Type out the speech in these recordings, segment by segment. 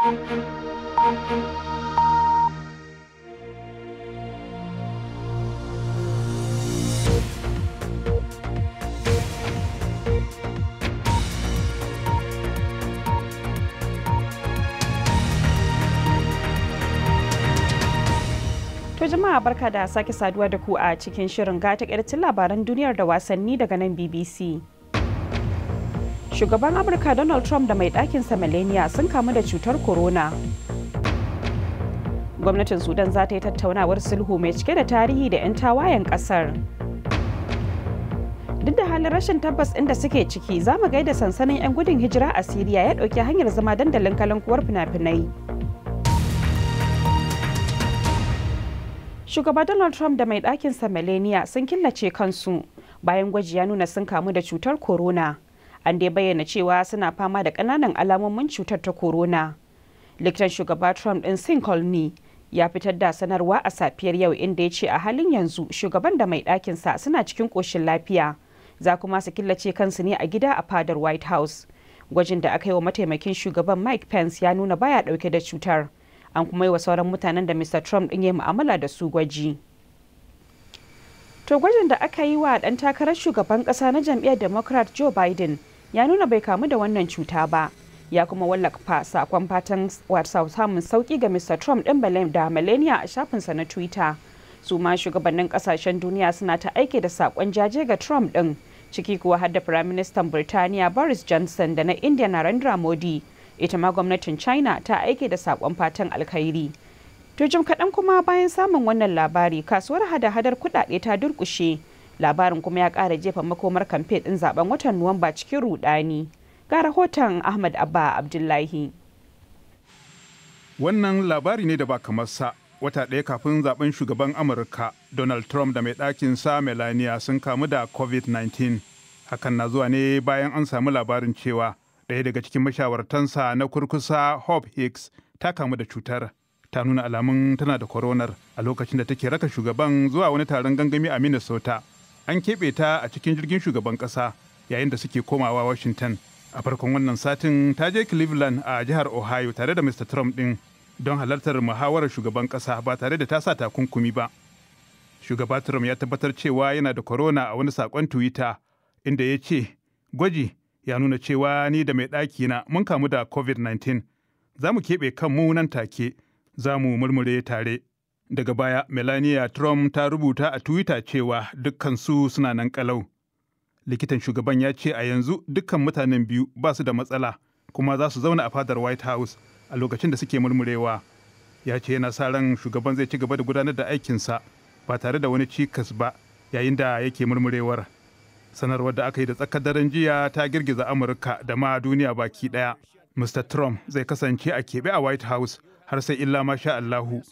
To jama'a barka da sake saduwa da ku a cikin shirin gata ƙirtin labaran duniyar da wasanni daga nan BBC. shugaban amurka donald trump da mai ɗakinsa melania sun kamu da cutar corona gwamnatin sudan za ta yi tattaunawar sulhu mai cike da tarihi da 'yan tawayen ƙasar duk da halin rashin tabbas inda suke ciki za mu gaida sansanin 'yan gudun hijira a siriya ya ɗauki hanyar zama dandalin kalankuwar fina-finai shugaba donald trump da mai ɗakinsa melania sun killace kansu bayan gwaji ya nuna sun kamu da cutar corona an dai bayyana cewa suna fama da kananan alamomin cutar ta corona likitan shugaba trump din sinkol ne ya fitar da sanarwa a safiyar yau inda ya ce a halin yanzu shugaban da mai ɗakinsa suna cikin ƙoshin lafiya za kuma su killace kansu ne a gida a fadar white house gwajin da aka yi wa mataimakin shugaban mike pence ya nuna baya ɗauke da cutar an kuma yi wa sauran mutanen da mr trump ɗin ya mu'amala da su gwaji to gwajin da aka yi wa ɗan takarar shugaban ƙasa na jam'iyyar democrat joe biden ya nuna bai kamu da wannan cuta ba ya kuma wallafa sakon fatan samun sauki ga mr trump din da millenia a shafinsa na twitter su ma shugabannin kasashen duniya suna ta aike da sakon jaje ga trump din ciki kuwa har da firaministan birtaniya boris johnson da na india narendra modi ita ma gwamnatin china ta aike da sakon fatan alkhairi to jim kaɗan kuma bayan samun wannan labari kasuwar hada-hadar kudade ta durƙushe labarin kuma ya ƙara jefa makomar kamfe ɗin zaben watan nuwamba cikin rudani ga rahoton ahmad abba abdullahi wannan labari ne da ba kamar sa wata ɗaya kafin zaben shugaban amurka donald trump da mai ɗakin sa melania sun kamu da covid-19 hakan na zuwa ne bayan an samu labarin cewa ɗaya daga cikin mashawartansa na kurkusa hope hicks ta kamu da cutar ta nuna alamun tana da koronar a lokacin da take raka shugaban zuwa wani taron gangami a minnesota an keɓe ta a cikin jirgin shugaban ƙasa yayin da suke komawa washington a farkon wannan satin ta je cleveland a jihar ohio tare da mr trump ɗin don halartar muhawarar shugaban ƙasa ba tare da ta sa takunkumi ba shugaba trump ya tabbatar cewa yana da corona a wani saƙon twitter inda ya ce gwaji ya nuna cewa ni da mai ɗaki na mun kamu da covid-19 za mu keɓe kan mu nan take za mu murmure tare Daga baya, Melania Trump ta rubuta a Twitter cewa dukkansu suna nan kalau. Likitan shugaban ya ce a yanzu dukkan mutanen biyu ba su da matsala kuma za su zauna a fadar White House a lokacin da suke murmurewa. Ya ce yana sa ran shugaban zai ci gaba da gudanar da aikinsa ba tare da wani cikas ba yayin da yake murmurewar. Sanarwar da aka yi da tsakar daren jiya ta girgiza Amurka da ma duniya baki ɗaya. Mr. Trump zai kasance a keɓe a White House har sai illa masha Allahu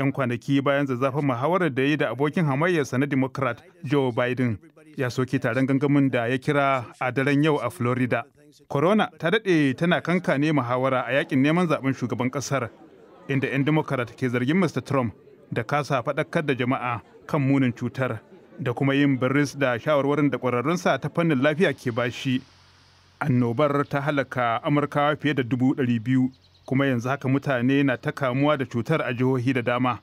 'yan kwanaki bayan zazzafin muhawarar da yi da abokin hamayyarsa na democrat joe biden ya soke taron gangamin da ya kira a daren yau a florida corona ta daɗe tana kankane muhawara a yakin neman zaben shugaban ƙasar inda 'yan democrat ke zargin mr trump da kasa faɗakar da jama'a kan munin cutar da kuma yin biris da shawarwarin da ƙwararrunsa ta fannin lafiya ke bashi annobar ta halaka amurkawa fiye da dubu ɗari biyu kuma yanzu haka mutane na ta kamuwa da cutar a jihohi da dama.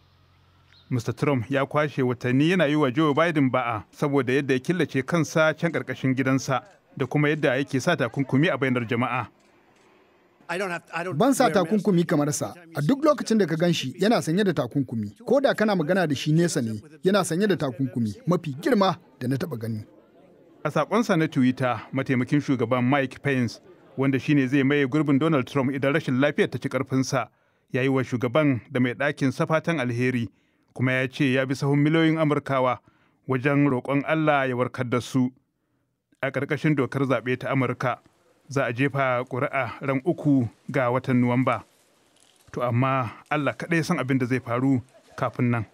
Mr. Trump ya kwashe watanni yana yi wa Joe Biden ba'a saboda yadda ya killace kansa can karkashin gidansa da kuma yadda yake sa takunkumi a bainar jama'a. Ban sa takunkumi kamar sa, a duk lokacin da ka gan shi yana sanye da takunkumi, ko da kana magana da shi nesa ne yana sanye da takunkumi mafi girma da na taɓa gani. A saƙonsa na Twitter, mataimakin shugaban Mike Pence wanda shine zai maye gurbin Donald Trump idan rashin lafiyar ta ci karfinsa ya yi wa shugaban da mai ɗakin safatan alheri kuma ya ce ya bi sahun miliyoyin Amurkawa wajen roƙon Allah ya warkar da su. A ƙarƙashin dokar zaɓe ta Amurka za a jefa ƙuri'a ran uku ga watan Nuwamba. To amma Allah kaɗai san abin da zai faru kafin nan.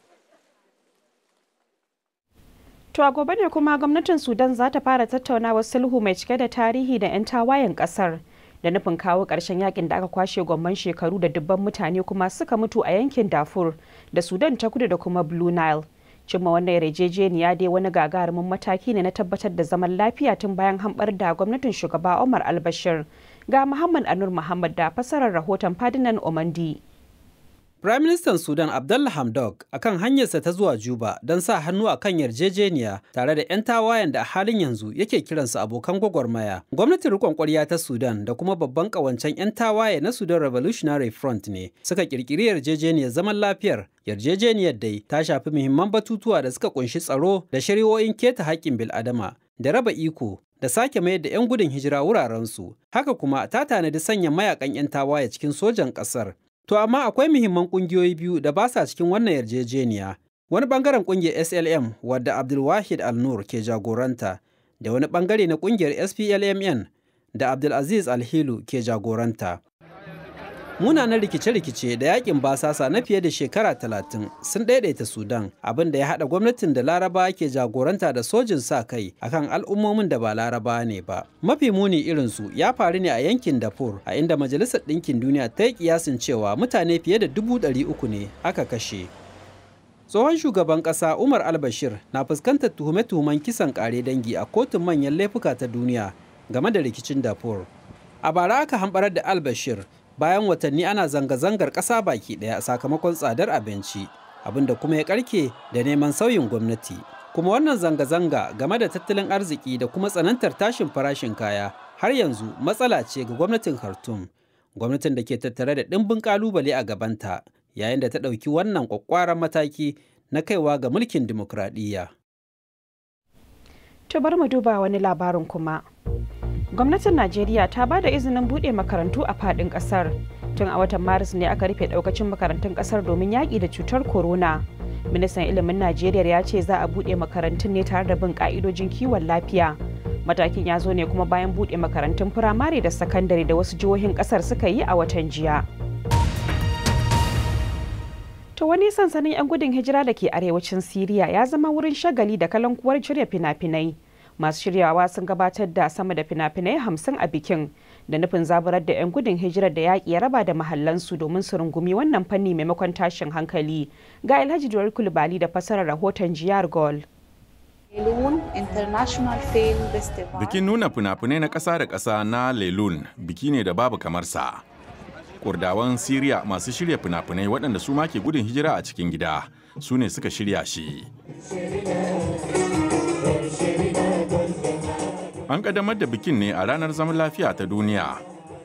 To a gobe ne kuma gwamnatin Sudan za ta fara tattaunawa sulhu mai cike da tarihi da 'yan tawayen kasar da nufin kawo ƙarshen yakin da aka kwashe gwamman shekaru da dubban mutane kuma suka mutu a yankin dafur da Sudan ta kudu da kuma Blue Nile. Cimma wannan yarjejeniya dai wani gagarumin mataki ne na tabbatar da zaman lafiya tun bayan hambar da gwamnatin shugaba Omar albashir Ga Muhammad Anur Muhammad da fasarar rahoton Fadinan Omandi. Firaministan Sudan Abdullah Hamdok a kan hanyarsa ta zuwa Juba don sa hannu a kan yarjejeniya tare da 'yan tawayen da a halin yanzu yake kiransu abokan gwagwarmaya. Gwamnatin rikon ƙwarya ta Sudan da kuma babban ƙawancen 'yan tawaye na Sudan Revolutionary Front ne suka ƙirƙiri yarjejeniyar zaman lafiyar yarjejeniyar dai ta shafi muhimman batutuwa da suka ƙunshi tsaro da shari'o'in keta haƙƙin bil'adama da raba iko da sake mayar da 'yan gudun hijira wurarensu haka kuma ta tanadi sanya mayakan 'yan tawaye cikin sojan ƙasar To amma akwai muhimman ƙungiyoyi biyu da ba sa cikin wannan yarjejeniya. Wani ɓangaren ƙungiyar SLM wadda Abdulwahid Al-Nur ke jagoranta da wani ɓangare na ƙungiyar SPLMN da Abdulaziz Alhilu ke jagoranta. munanan rikice-rikice da yakin basasa na fiye da shekara talatin sun daidaita sudan abin da ya hada gwamnatin da laraba ke jagoranta da sojin sa kai akan al'ummomin da ba laraba ne ba mafi muni irin su ya faru ne a yankin dafur a inda majalisar ɗinkin duniya ta yi kiyasin cewa mutane fiye da dubu ɗari uku ne aka kashe tsohon shugaban ƙasa umar albashir na fuskantar tuhume-tuhumen kisan ƙare dangi a kotun manyan laifuka ta duniya game da rikicin dafur a bara aka hambarar da albashir bayan watanni ana zanga-zangar ƙasa baki ɗaya sakamakon tsadar abinci abinda kuma ya karke da neman sauyin gwamnati kuma wannan zanga-zanga game da tattalin arziki da kuma tsanantar tashin farashin kaya har yanzu matsala ce ga gwamnatin khartoum gwamnatin da ke tattare da ɗimbin ƙalubale a gabanta yayin da ta ɗauki wannan ƙwaƙƙwaran mataki na kaiwa ga mulkin dimokuraɗiyya. To bar mu duba wani labarin kuma. gwamnatin najeriya ta ba da izinin bude makarantu a fadin kasar tun a watan maris ne aka rufe daukacin makarantun kasar domin yaƙi da cutar corona ministan ilimin najeriya ya ce za a bude makarantun ne tare da bin ka'idojin kiwon lafiya matakin ya zo ne kuma bayan bude makarantun firamare da sakandare da wasu jihohin kasar suka yi a watan jiya ta wani sansanin 'yan gudun hijira da ke arewacin Siriya ya zama wurin shagali da kalankuwar cire fina-finai. masu shiryawa sun gabatar da sama da fina-finai hamsin a bikin da nufin zaburar da 'yan gudun hijira da yaƙi ya raba da mahallansu domin su rungumi wannan fanni maimakon tashin hankali ga alhaji duwar kulbali da fasarar rahoton jiyar gol bikin nuna fina-finai na ƙasa da ƙasa na lelun biki ne da babu kamar sa kurdawan siriya masu shirya fina-finai waɗanda su ma ke gudun hijira a cikin gida su ne suka shirya shi An ƙaddamar da bikin ne a ranar zaman lafiya ta duniya,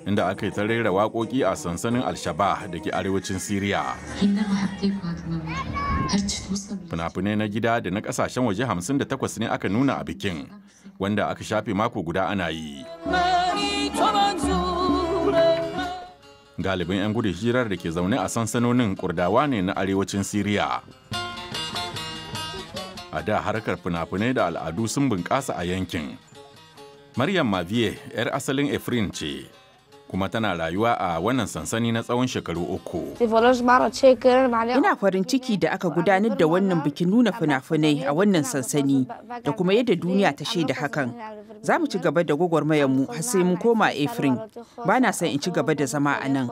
inda aka yi ta waƙoƙi a sansanin Alshaba da ke arewacin Siriya. Fina-finai na gida da na ƙasashen waje 58 ne aka nuna a bikin, wanda aka shafe mako guda ana yi. Galibin 'yan gudun hirar da ke zaune a sansanonin kurdawa ne na arewacin Siriya. A da harkar fina-finai da al'adu sun bunƙasa a yankin. Maryam Mavie 'yar asalin Efrin ce, kuma tana rayuwa a wannan sansani na tsawon shekaru uku. Ina farin ciki da aka gudanar da wannan bikin nuna fina-finai a wannan sansani da kuma yadda duniya ta shaida hakan. Za mu ci gaba da mu har sai mun koma Efrin. Ba na son in ci gaba da zama a nan.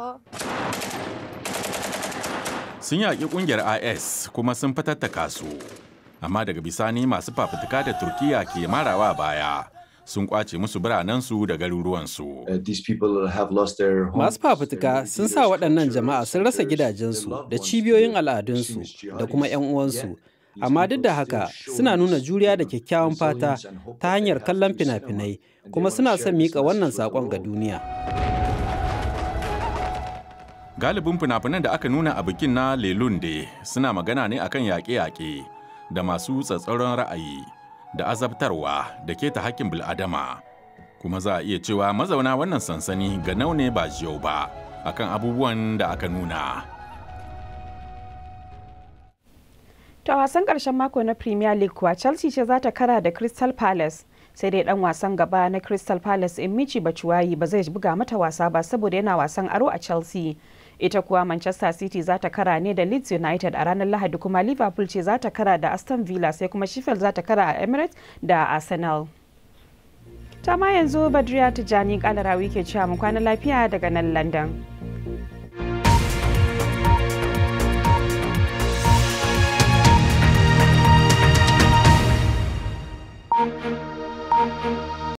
Sun yaƙi ƙungiyar IS kuma sun fatattaka su. Amma daga bisani masu fafutuka da turkiyya ke marawa baya sun kwace musu biranensu da garuruwansu. Uh, masu fafutuka sun sa waɗannan jama'a sun rasa gidajensu da cibiyoyin al'adunsu da kuma 'yan uwansu. Amma duk da haka suna nuna juriya da kyakkyawan fata ta hanyar kallon fina-finai kuma suna son miƙa wannan saƙon ga duniya. Galibin fina-finan da aka nuna a bikin na Lelunde suna magana ne akan yaƙe-yaƙe da masu tsatsauran ra'ayi. da azabtarwa da keta hakkin bil'adama kuma za a iya cewa mazauna wannan sansani ga naune ba jiyau ba akan abubuwan da aka nuna ta wasan karshen mako na premier league kuwa chelsea ce za ta kara da crystal palace sai dai dan wasan gaba na crystal palace in michi bacuwayi ba zai buga mata wasa ba saboda yana wasan aro a chelsea ita kuwa manchester city za ta kara ne da leeds united a ranar lahadi kuma liverpool ce za ta kara da aston villa sai kuma sheffield za ta kara a emirates da arsenal ta ma yanzu badriya tijjani kalarawi ke cewa mu kwana lafiya daga nan london